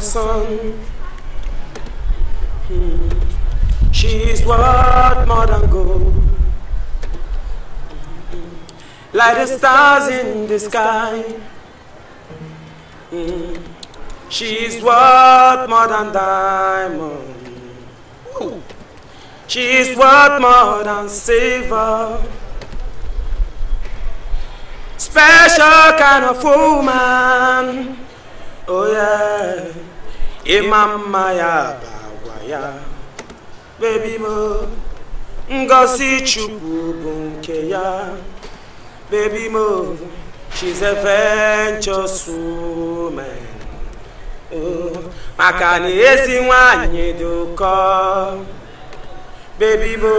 son. Hmm. She's worth more than gold. Like the stars in the sky. Hmm. She's worth more than diamond. She's worth more than silver. Special kind of woman. Oh yeah. ịma mma ya bụ agwa ya bebimo ngosi chukwu bụ nke ya bebimo she's a oh, maka na ezi nwanyị dị ụkọ bebimo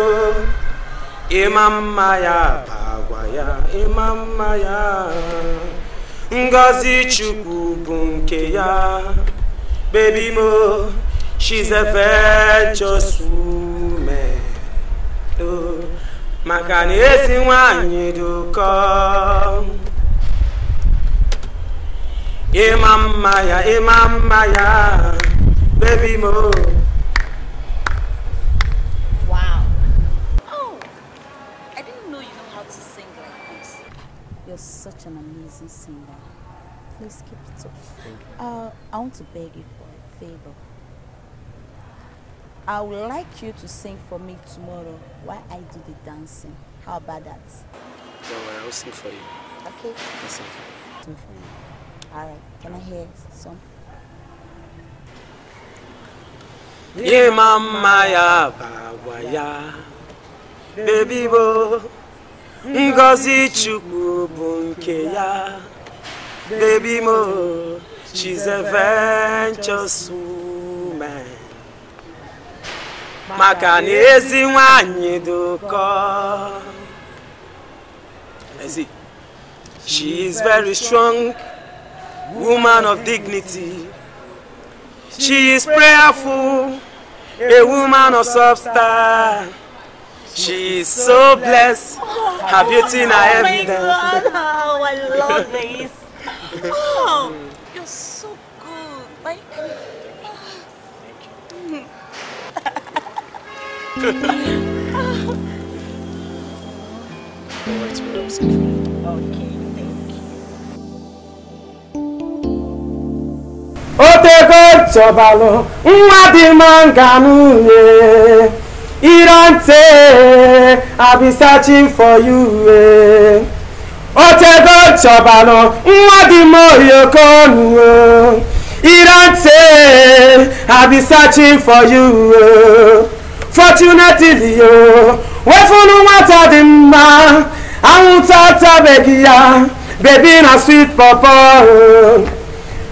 ịma mma ya bụ agwa ya ịma mma ya ngozi chukwu bụ nke ya baby mo, she's a virtuous woman. Oh, maka na esi nwanyị dụkọ. Ịma mma ya, ịma mma ya, baby mo. Wow. Oh, I didn't know you know how to sing like this. You're such an amazing singer. Please keep it up. Uh, I want to beg you. favor. I would like you to sing for me tomorrow while I do the dancing. How about that? No, I'll sing for you. Okay. I'll sing for you. All right, can I hear some? Ye mama ya bawa ya Baby bo Ngozi chukubunke ya Baby mo She's a venturous woman. maka na ezi nwanyị dị ezi she is very strong woman of dignity she is prayerful a woman of substance she is so blessed her beauty na oh evidence. Oh, I love this. Oh. Like. the words were rosy for you. Okay, thank you. Otego chọbalụ nwa dị manga n'uye ire ntị abisachi for you otego chọbalụ nwa dị m oyoko n'uye Irante, I be searching for you. Oh. Fortunately, yo, oh. wefunu wata dimma, awutata begiya, baby na sweet papa. Oh.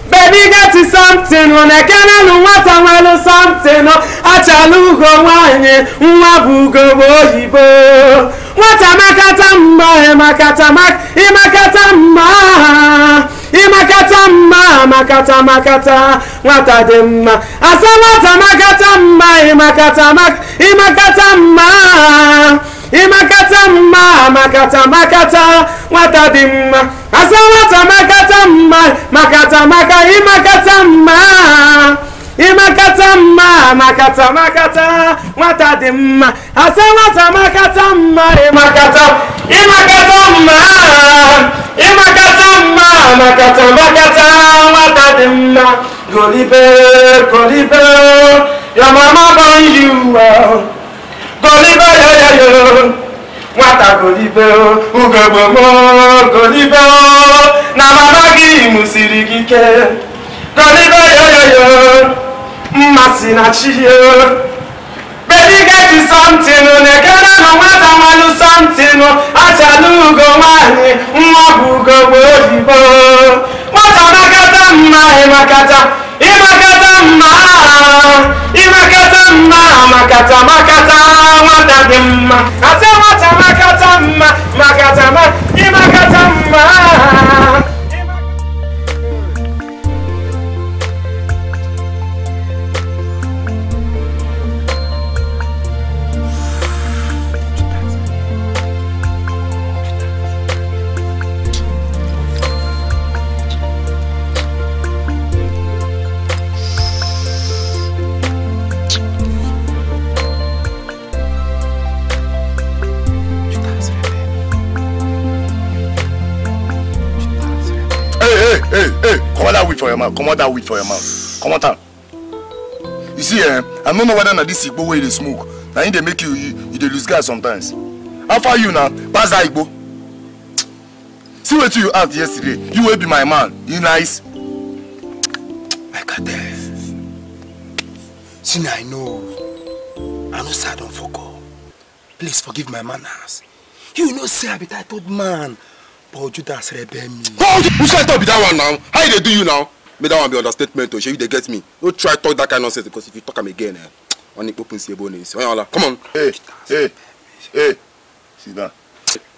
Baby get you something, onekena nu wata nwelu something, achalugo nwanye, nwa bugo oyibo. Nwata makata mma, makata mak, imakata mma. ịmakata ma, makata makata nwata dị mma ma, ma makata mma ịmakata ma, ịmakata ma, makata makata nwata dị mma asa nwata makata ma makata maka ịmakata ma. ịmakata mma makata makata nwata dị mma asa nwata makata mma ịmakata ịmakata mma ịmakata mma makata makata nwata dị mma golibe golibe your mama born you oh. golibe yoyoyo oh. nwata golibe oh. ugogbogbo golibe na mama gị mụsiri gị ike golibe yoyoyo mmasị na chihie Dedicate to something, oh, nekere na nwata mmanụ something, oh. achala ugo nwanyị, nwa bụ ugo gbe oyibo. Nwata makata mma ịmakata, ịmakata mma, ịmakata mma, makata makata, nwata dị mma. Asị nwata makata mma, makata ma, ịmakata mma. for your mouth come on that weed for your mouth comot am you see eh i no know whether na this igbo wey you smoke Now him dey make you you, you dey lose gas sometimes how far you now, pass that igbo see wetin you act yesterday you will be my man you nice my cartel see na i know i know sad on don forgo please forgive my manners you know say i told man but ojú dat srebe me. oh which kind talk be that one now how you dey do you now make that one be understatement o oh, show you they get me no try talk that kind nonsense because if you talk him again eh wọn ní pípín sí ebo ní ìsìn ọyàn come on. hey hey hey See that?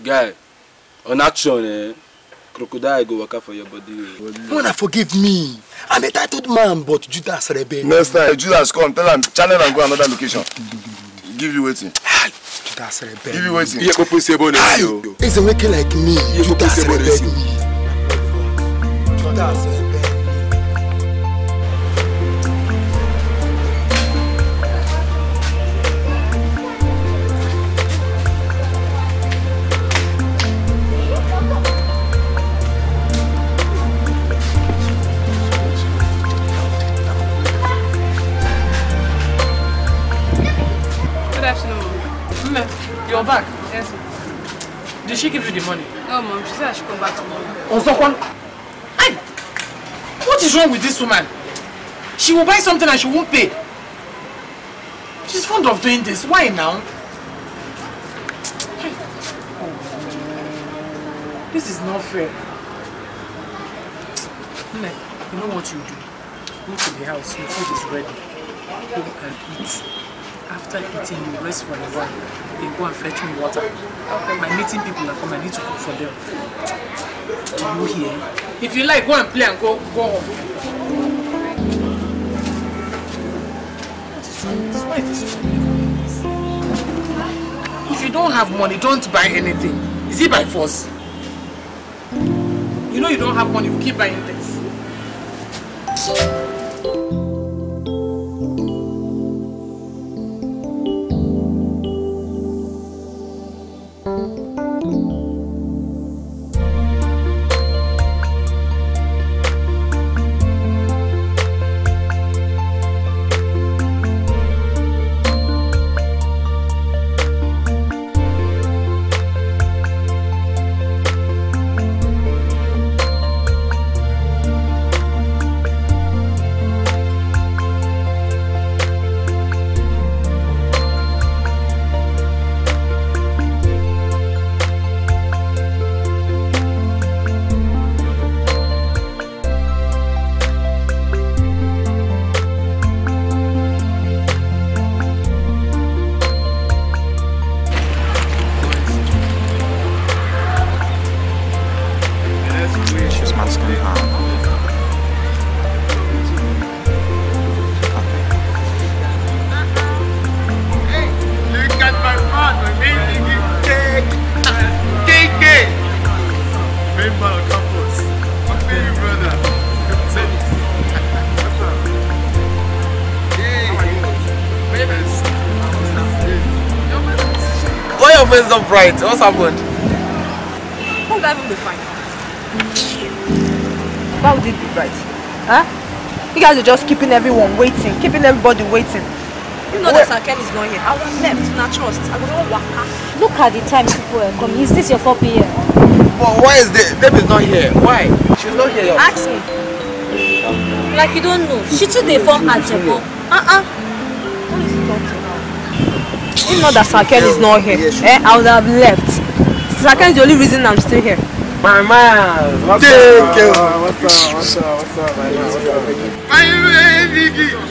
guy on action eh crocodile go waka for your body. You eh. wanna forgive me i'm a titled man but judas rebel. next time judas come tell him, channel and go another location give you wetin. judas rebel. give you wetin. iye popo se bo na si o. eze weke like me judas rebel. judas rebel. You're back. Yes. Did she give you the money? No, mom. She said I should come back tomorrow. On Ozokwan. Hey! What is wrong with this woman? She will buy something and she won't pay. She's fond of doing this. Why now? This is not fair. Nne, you know what you do? Go to the house, your food is ready. Go and eat. After eating, you rest for a while they go and fetch me water. My meeting people are come, I need to cook for them. Do you hear? If you like, go and play and go, go home. If you don't have money, don't buy anything. Is it by force? You know you don't have money, you keep buying things. face not bright. What's happened? Won't I even be fine? Why would it be bright? Huh? You guys are just keeping everyone waiting, keeping everybody waiting. You know Where? that Sarken is not here. I was left, not trust. I was all waka. Look at the time people are coming. Is this your 4 p.m.? But why is Deb? Deb is not here. Why? She's not here. Ask me. Like you don't know. She took the form at Jebo. Uh-uh if not that Saken is not here, eh, I would have left. Saken is the only reason I'm still here. My man, what's Thank up? you. What's up? What's up? What's up? What's up? What's up? What's up?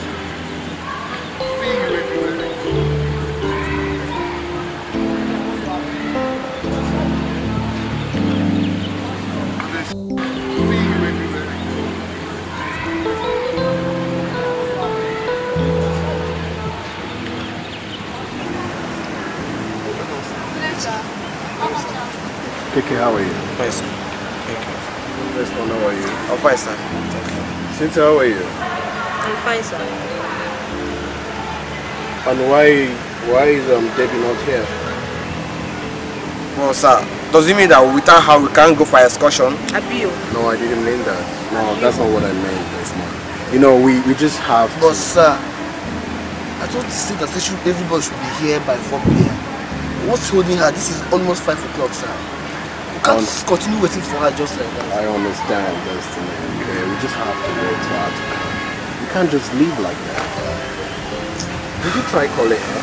K, how are you? Fine, sir. Thank you. First one, how are you? I'm fine, sir. Cynthia, how are you? I'm fine, sir. And why why is um, Debbie not here? Well, sir, does it mean that without her we can't go for excursion? Appeal. No, I didn't mean that. No, that's not what I meant. That's You know, we, we just have. But, to... sir, I thought to say that should, everybody should be here by 4 p.m. What's holding her? This is almost 5 o'clock, sir can't continue waiting for her just like that. I understand, Destiny. we just have to wait for her to come. We can't just leave like that. Did you try calling her?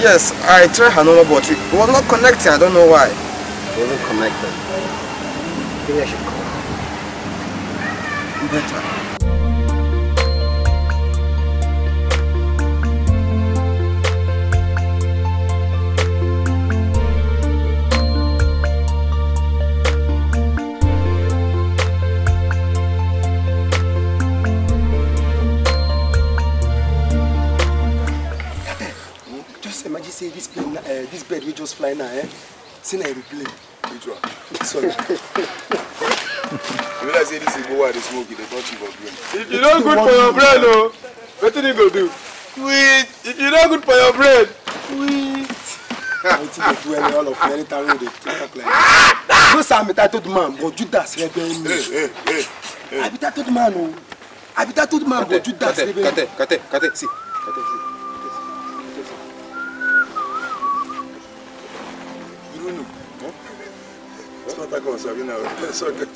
Yes, I tried her number, but it was not connecting. I don't know why. It wasn't connected. Maybe I should call her. Better. Eh, this bird we just fly now eh, say na aeroplane. Which one? This you realize say this is wa dey smoke e dey touch you for if you're not good for your bread, brain oh, what wetin you go do. wait if you're not good for your bread, wait. I wetin dey do any all of you anytime wey dey talk like that. no sir i'm a tattooed man but you judas rebel me. i be tattooed man oh. i be tattooed man but judas rebel me. kate kate kate see kate see. just not that one, Sabina. So get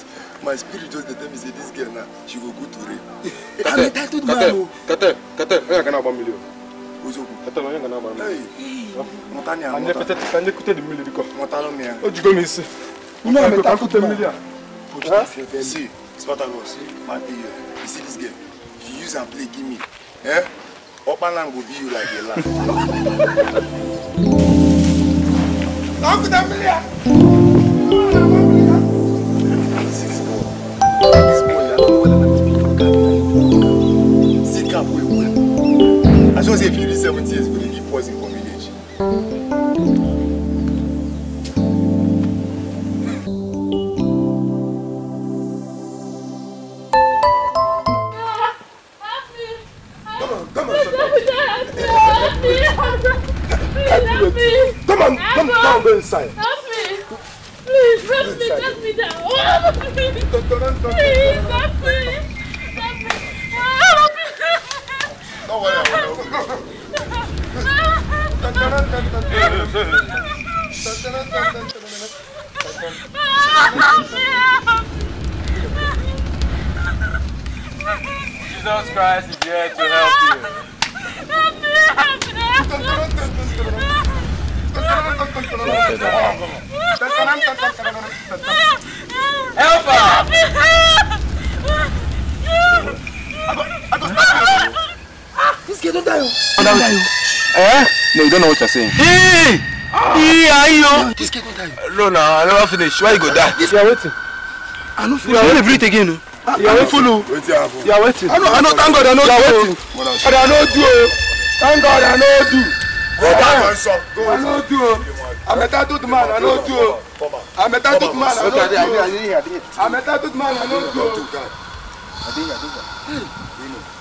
my spirit just tell me say this girl now she will go to rape. Oh. I mean that dude man. Kete, kete, kete, kana ba million. Ozoku. Kete, no kana ba million. Motani ya. Anje kete, anje kete de million diko. Motalo mi ya. O jigo mi se. Una me ta kute million. Si, Spartacus, my dear, you see this girl. If you use and play, give me. Eh? Opanland go be you like a lamb. Uncle Damilia! I just say if you reach 70 years, you keep pausing for village. Come on, come down, go inside. Help me. Please, help me, help me down. Please, help me. Don't worry about it. Jesus Christ is here to help you. Help us! Eh? No, you don't know what you're saying. Hey! Yeah, yo. This guy go die. No, no, I never finish. Why you go die? You are waiting. I no finish. You are waiting again. You are waiting. You are waiting. I know, I know. Thank God, I know. You are waiting. But I know do. Thank God, I know do. Go down. I know do. I'm a tattooed man. I know do. I'm a tattooed man. I know do. I'm a tattooed man. I know do. I did. I did.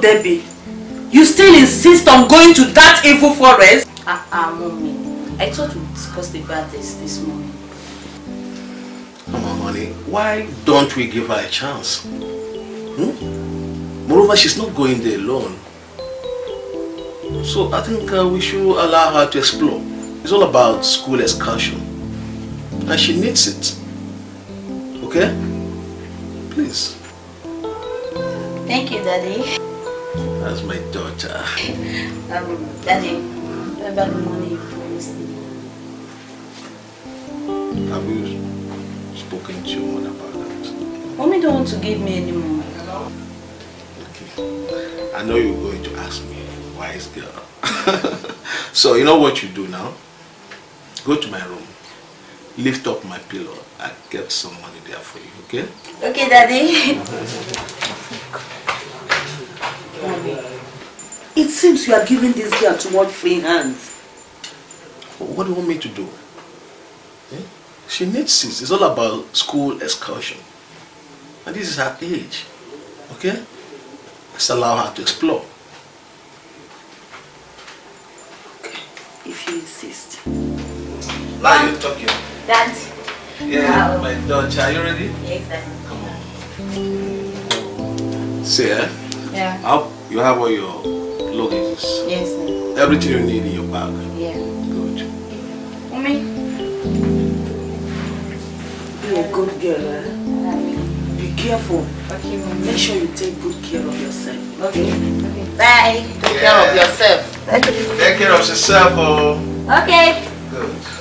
Debbie, you still insist on going to that evil forest? Ah, uh, uh, mommy. I thought we discussed about this this morning. Come on, honey. Why don't we give her a chance? Hmm? Moreover, she's not going there alone. So I think uh, we should allow her to explore. It's all about school excursion. And she needs it. Okay? Please. Thank you, Daddy. As my daughter. um, Daddy, about the money you promised me. Have you spoken to your mother about that? Mommy don't want to give me any money. Okay. I know you're going to ask me, wise girl. so you know what you do now? Go to my room. Lift up my pillow. I get some money there for you, okay? Okay, Daddy. Mommy, it seems you are giving this girl too much free hands. What do you want me to do? Eh? She needs this. It's all about school excursion. And this is her age. Okay? Let's allow her to explore. Okay, if you insist. Now you're talking. Dad. Yeah, my daughter. Are you ready? Yes, Dad. Come on. See, eh? Yeah. you have all your luggage. Yes. Sir. Everything you need in your bag. Yeah. Good. Mommy. You're a good girl. Eh? Be careful. Okay, Make sure you take good care of yourself. Okay. okay. Bye. Take yeah. care of yourself. Take care of yourself. Oh. Okay. Good.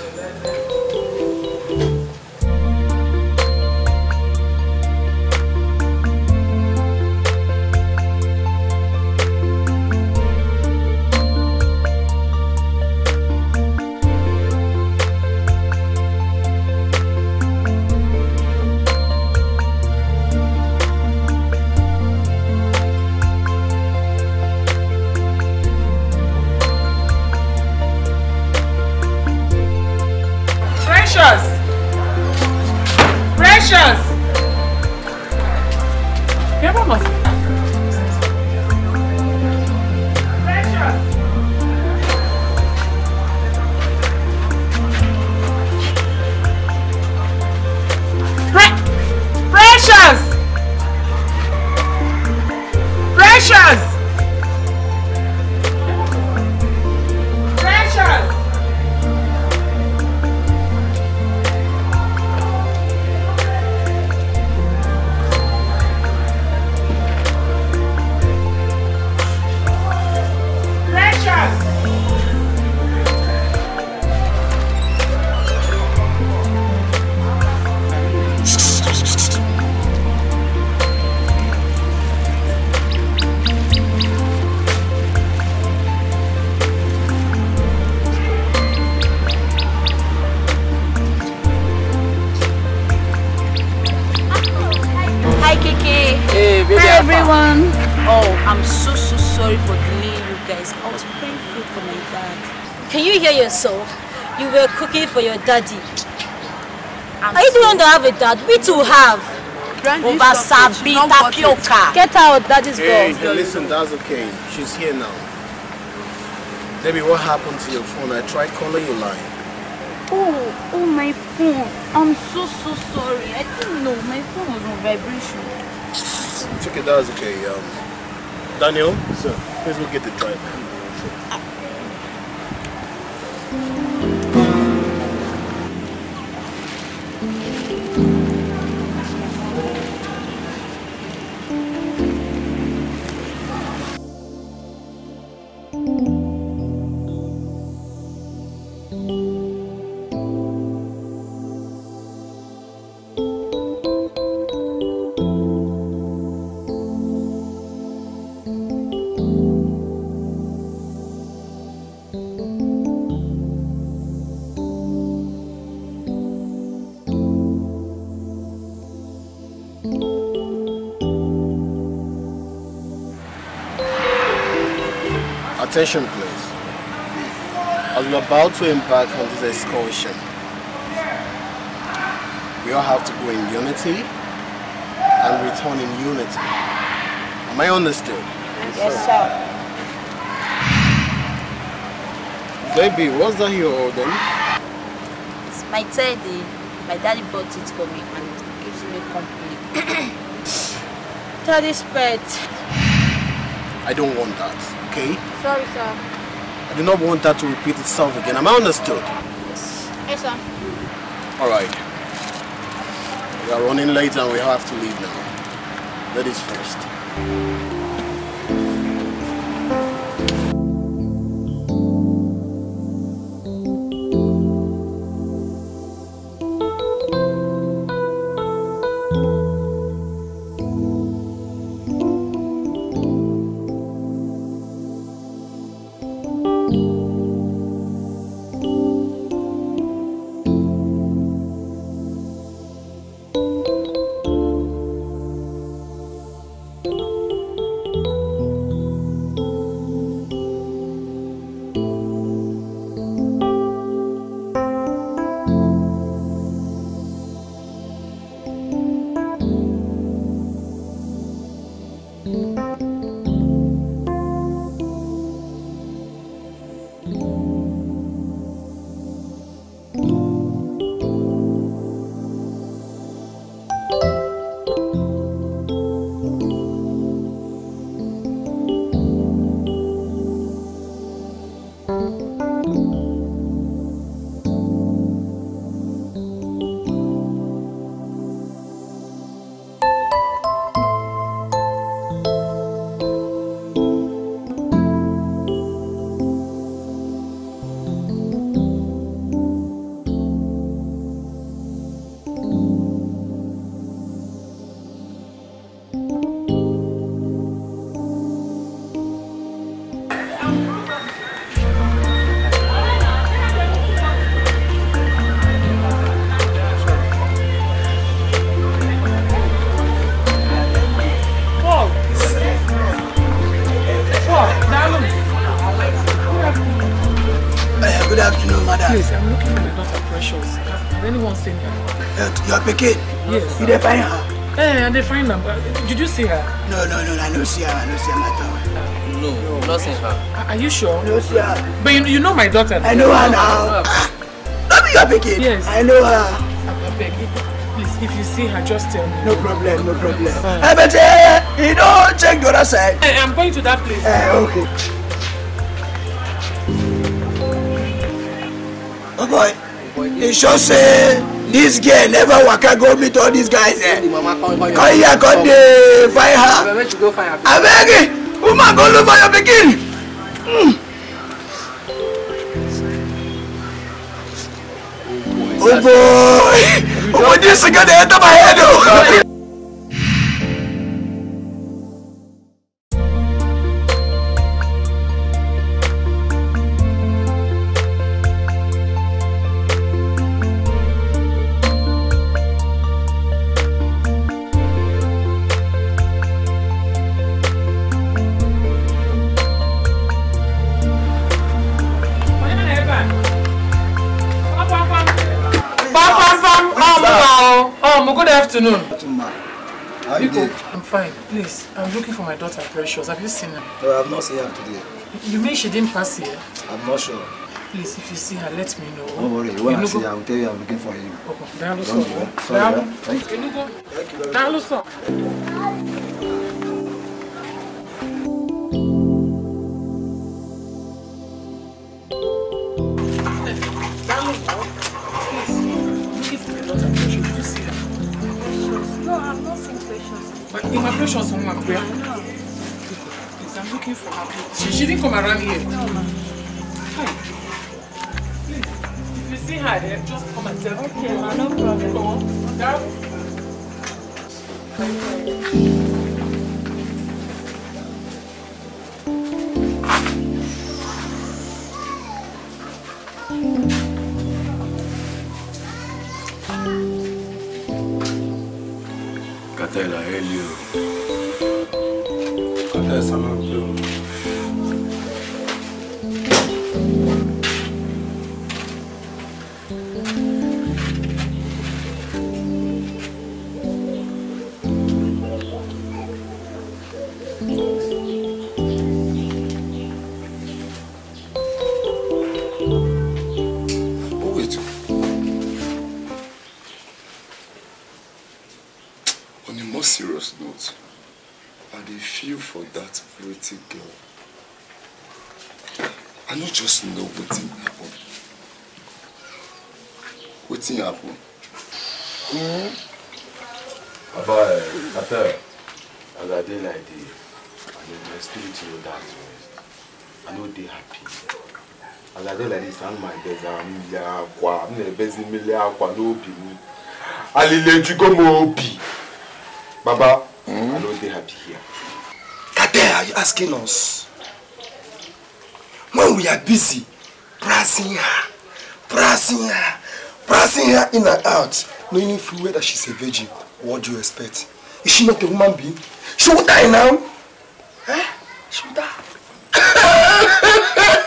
cooking for your daddy. I'm Are you have a dad? We two have. Obasabi Tapioca. Get out, that is hey, girl. Hey, listen, that's okay. She's here now. Debbie, what happened to your phone? I tried calling you line. Oh, oh, my phone. I'm so, so sorry. I didn't know. My phone was on vibration. It's okay, that's okay. Um, Daniel, sir, please go get the driver. Attention please. As we're about to embark on this excursion, we all have to go in unity and return in unity. Am I understood? Yes, sir. Baby, what's that you're holding? Oh, it's my teddy. My daddy bought it for me and it gives me company. Teddy's pet. I don't want that, okay? Sorry, sir. I do not want that to repeat itself again. Am I understood? Yes. Yes, sir. Alright. We are running late and we have to leave now. That is first. see her? No, no, no, I don't see her. I don't see her at all. No, no. not seen her. Are you sure? No, see her. But you, you know my daughter. I know her now. Ah. Don't be your picking. Yes. I know her. I beg Please, if you see her, just tell me. No problem, no problem. Hey, but hey, eh, you don't check the other side. Hey, eh, I'm going to that place. Hey, eh, okay. Oh boy. Oh boy. It sure say. This girl never waka go meet all these guys eh come here come dey find her abeg woman go look for your pikin. Hmm. Oh boy! Oh boy, this is gonna enter my head! Oh. afternoon. Atuma, how are you doing? I'm fine. Please, I'm looking for my daughter, Precious. Have you seen her? No, have not seen her today. You mean she didn't pass here? I'm not sure. Please, if you see her, let me know. Don't worry. When you I see her, I will tell you I'm looking for you. Okay. Down the Thank you. Down the Thank you. But in my precious home, Akuya. Please, I'm looking for her. She, she didn't come around here. No, ma'am. Please, if you see her there, just come and tell her. Okay, ma, no problem. Come on, down. de la Helio. I don't like this, I'm my best. I'm the aqua. I'm the best in the aqua. No be me. Alile Jugo Mobi. Baba, hmm? I don't be happy here. Kade, are you asking us? When we are busy, praising her, praising her, praising her in and out, knowing full well that she's a virgin, what do you expect? Is she not a woman being? She will die now. Eh? She will die.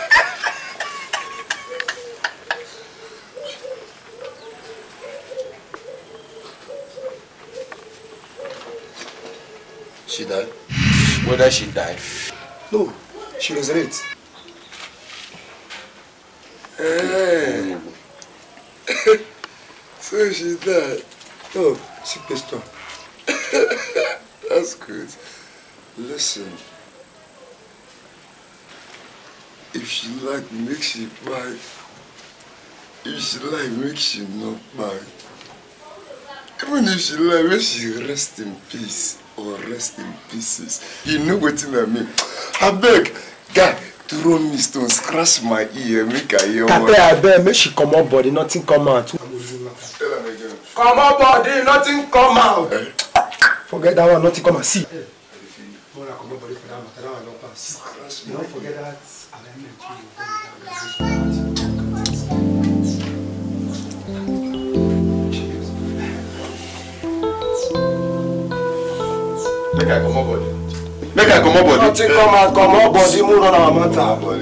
she died? Whether she died? No, she resurrected. Hey. so she died. No, she passed on. That's good. Listen. If she like, make she buy. If she like, make she not buy. Even if she like, make she rest in peace. or rest in pieces you know what i mean I beg, guy throw me stone scratch my ear make i hear one. kape abeg make she come up, body nothing come out. Come up, body nothing come out. forget that one nothing come out see. more na comot body forget that. i comot body make i comot body nothing come out comot body move on our matter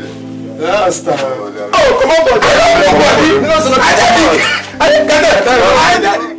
last time oh come comot body comot body i don't think i don't get it i don't get it.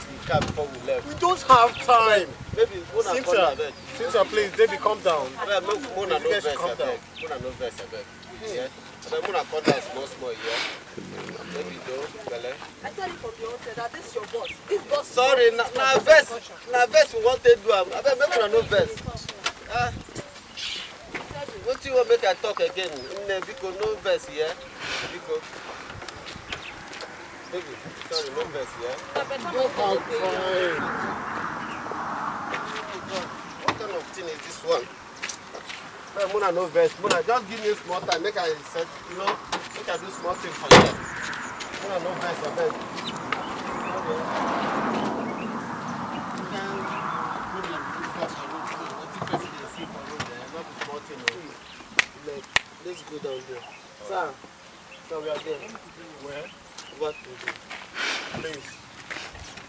cab before we left. We don't have time. Maybe Mona Cynthia, call Cynthia, please, baby, calm down. Well, make Mona no calm down. beg. Mona no vex, calm down. Yeah. Abeg, Mona come down small, small, yeah. Maybe though, Bele. I tell you from the outset that this is your boss. This boss. Sorry, na na vex, na vest. we wan to do am. Abeg, make Mona no vex. Ah. Wetin you wan make I talk again? Nne, biko, vest here. yeah. Biko. Baby, sorry, no mess, yeah? No, I'm fine. What kind of thing is this one? Well, Muna, no vex. Muna, just give me small time. Make I set, you know, make I do small thing for you. Muna, no vex, I beg. Let's go down there. Sir, so we are there. Where? what we do. Please.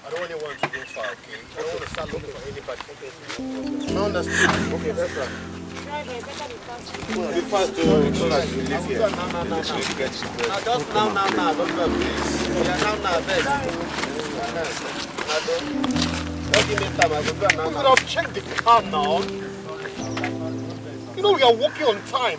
I don't really want to go far, okay? I don't want to start looking for anybody. Okay. I understand. Okay, that's right. Be fast though, so that you live here. No, no, no, no. Just now, please. We are now, now, best. We could have checked the car now. You know, we are walking on time.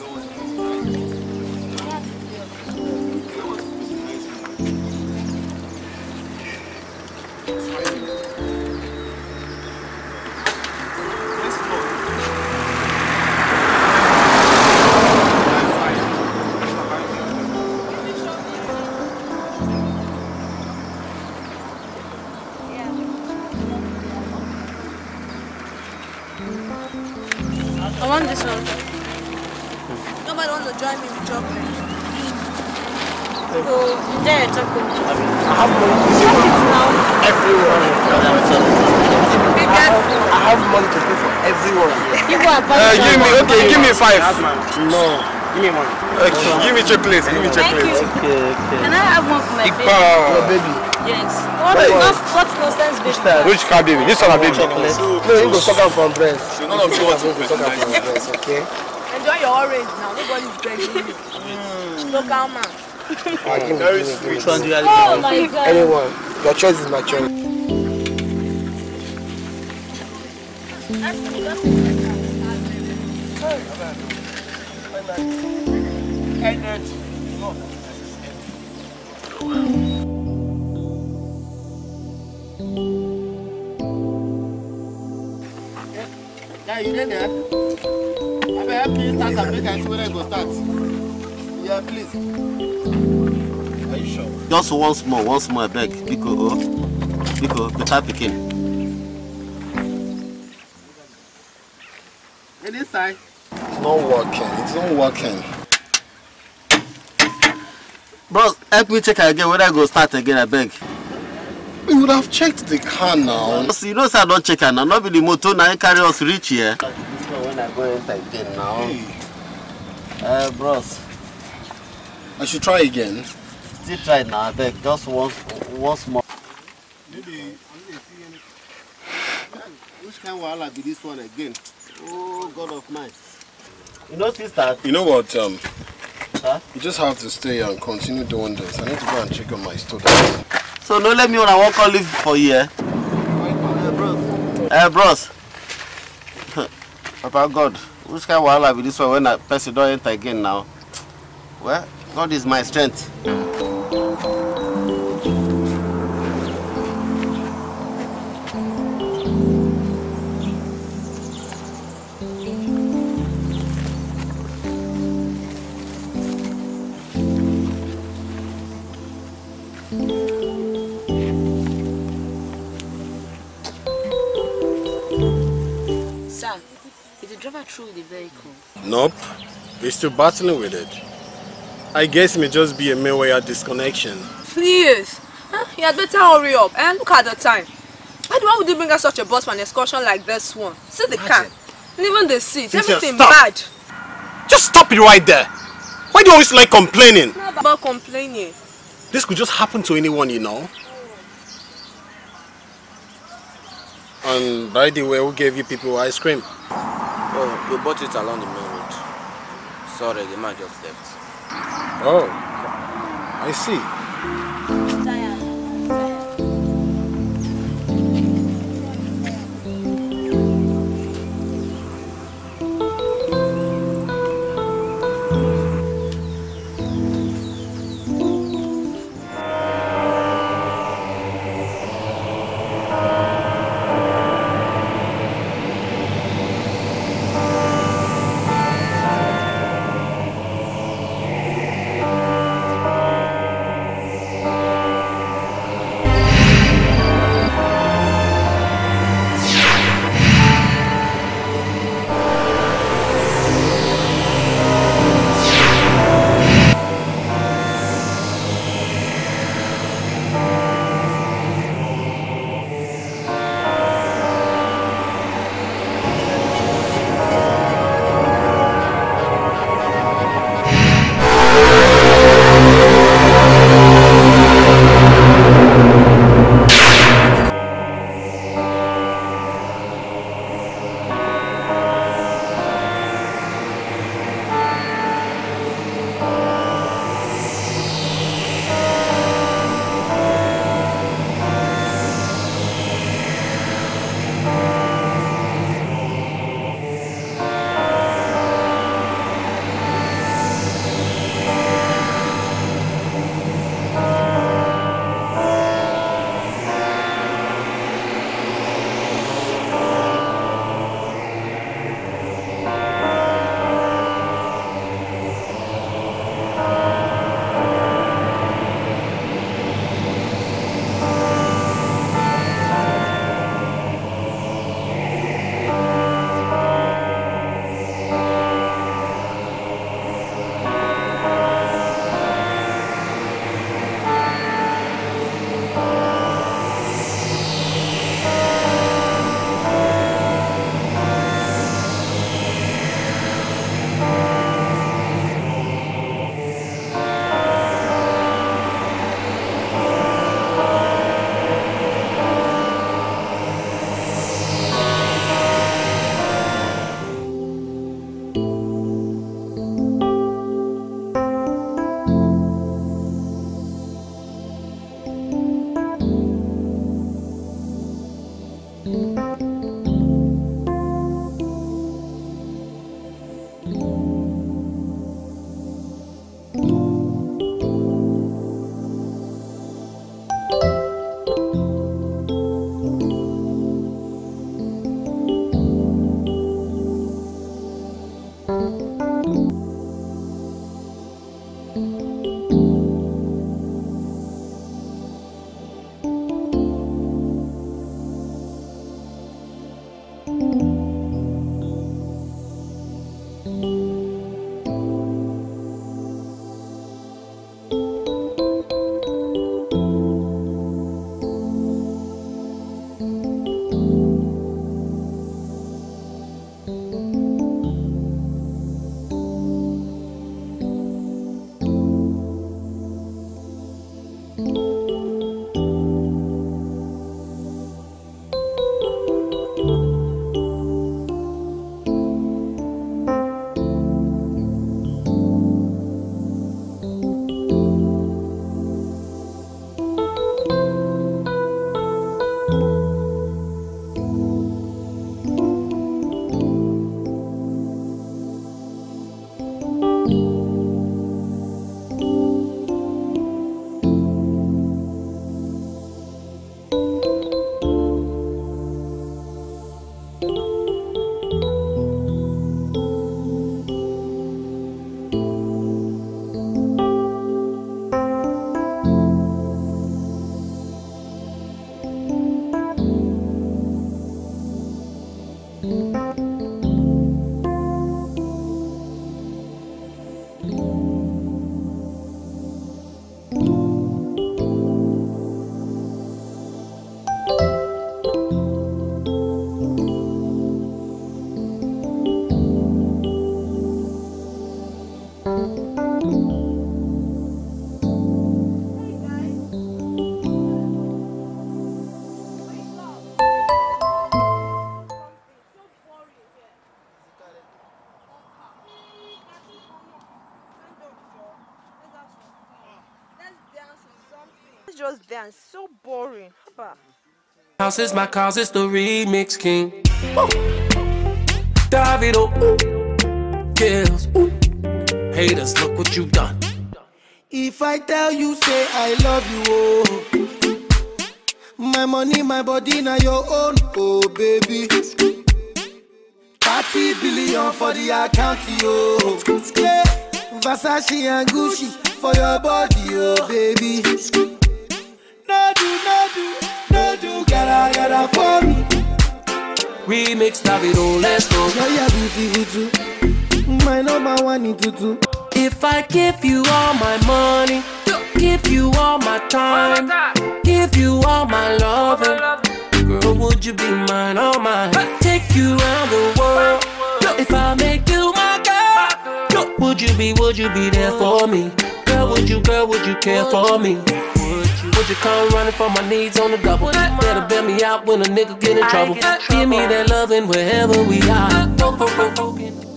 going. five. No. Give me one. Okay. okay. Give me chocolate. Give me chocolate. Thank Okay, okay. Can I have one for my Ipa. baby? Your baby. Yes. What hey. not what nonsense baby? Which car baby? This one a baby. No, you go suck out from breast. none of you want to suck out from breast, okay? Enjoy your orange now. Nobody's begging you. Hmm. Local man. Ah, Very sweet. Which one do you like? Oh my God. Anyone. Your choice is my choice. Energy. Look, this is energy. Yeah, you did there. I please start and make I see where I start. Yeah, please. Are you sure? Just once more, once more, I beg. Biko, go. Oh. Biko, better picking. Any side? not working. It's not working. Bros, help me check again whether I go start again, I beg. We would have checked the car now. See, you know, sir, don't check it now. Not be the motor now, carry us reach here. when I go enter again now. Hey. Uh, bros. I should try again. Still try now, I beg. Just once, once more. Maybe which kind of wahala be this one again? Oh, God of mine. You know, sister. You know what? Um, huh? You just have to stay and continue doing this. I need to go and check on my students. So no let me when I walk call leave for you. Eh, uh, bros. Eh, bros. About God, which kind of I be this one when a person don't enter again now? Well, God is my strength. Mm. got through the vehicle? Nope. We're still battling with it. I guess it may just be a malware disconnection. Please! Huh? You had better hurry up and eh? look at the time. Why, why would you bring us such a bus for an excursion like this one? See the car, even the seat, everything stop. bad. Just stop it right there. Why do you always like complaining? not about complaining. This could just happen to anyone, you know. And by the way, who gave you people ice cream? Oh, we bought it along the main road. Sorry, the man just left. Oh, I see. down. It's so boring. Haba. House is my cause, it's the remix king. Ooh. Davido, ooh. Kills, ooh. Haters, look what you done. If I tell you, say I love you, oh. My money, my body, now your own, oh baby. billion for the account, yo. Oh. Versace and Gucci for your body, oh baby do, no do, no do, gotta, gotta for me. Remix, now it all, let's go. Yeah, yeah, beauty, do? My number one in do. If I give you all my money, give you all my time, give you all my loving, girl, would you be mine, all mine? Take you around the world. If I make you my girl, girl, would you be, would you be there for me? Girl, would you, girl, would you care for me? Would you come running for my needs on the double? Better bail me out when a nigga get in trouble. Give me that loving wherever we are.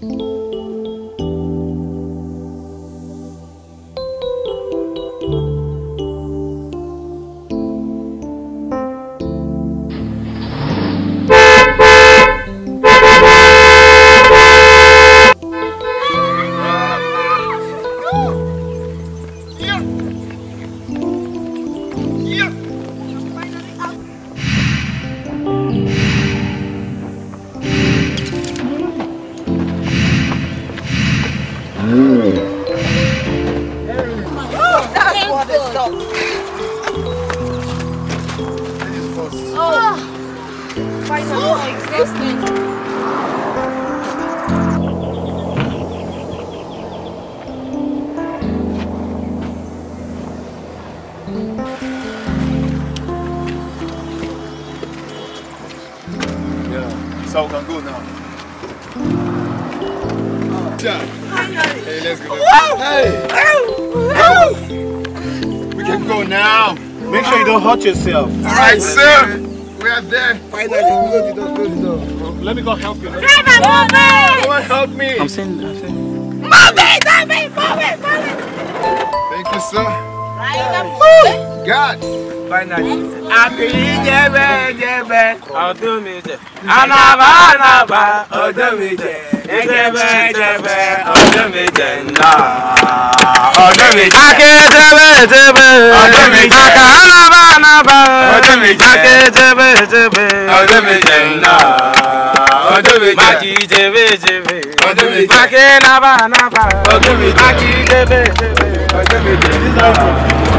Thank you. Watch yourself. All right, sir. We are there. Finally, close the door, close the door. Let me go help you. Driver, move it! Someone help me. I'm saying, I'm saying. Move it, move it, move it, move it. Thank you, sir. God. Finally. Abiyije be je be do me, jẹ. Anaba anaba ọdún mi jẹ. do. be je be ọdún mi jẹ náà. ọdún méjì. akéjẹbẹ jẹbẹ. ọdún méjì. àkàlàbà nàbà. ọdún méjì. jebe. jẹbẹ. ọdún méjì ńlá. ọdún méjì. màkì jebe. jẹbẹ. ọdún méjì. màkì nàbà nàbà. ọdún méjì. màkì jẹbẹ jẹbẹ. ọdún méjì.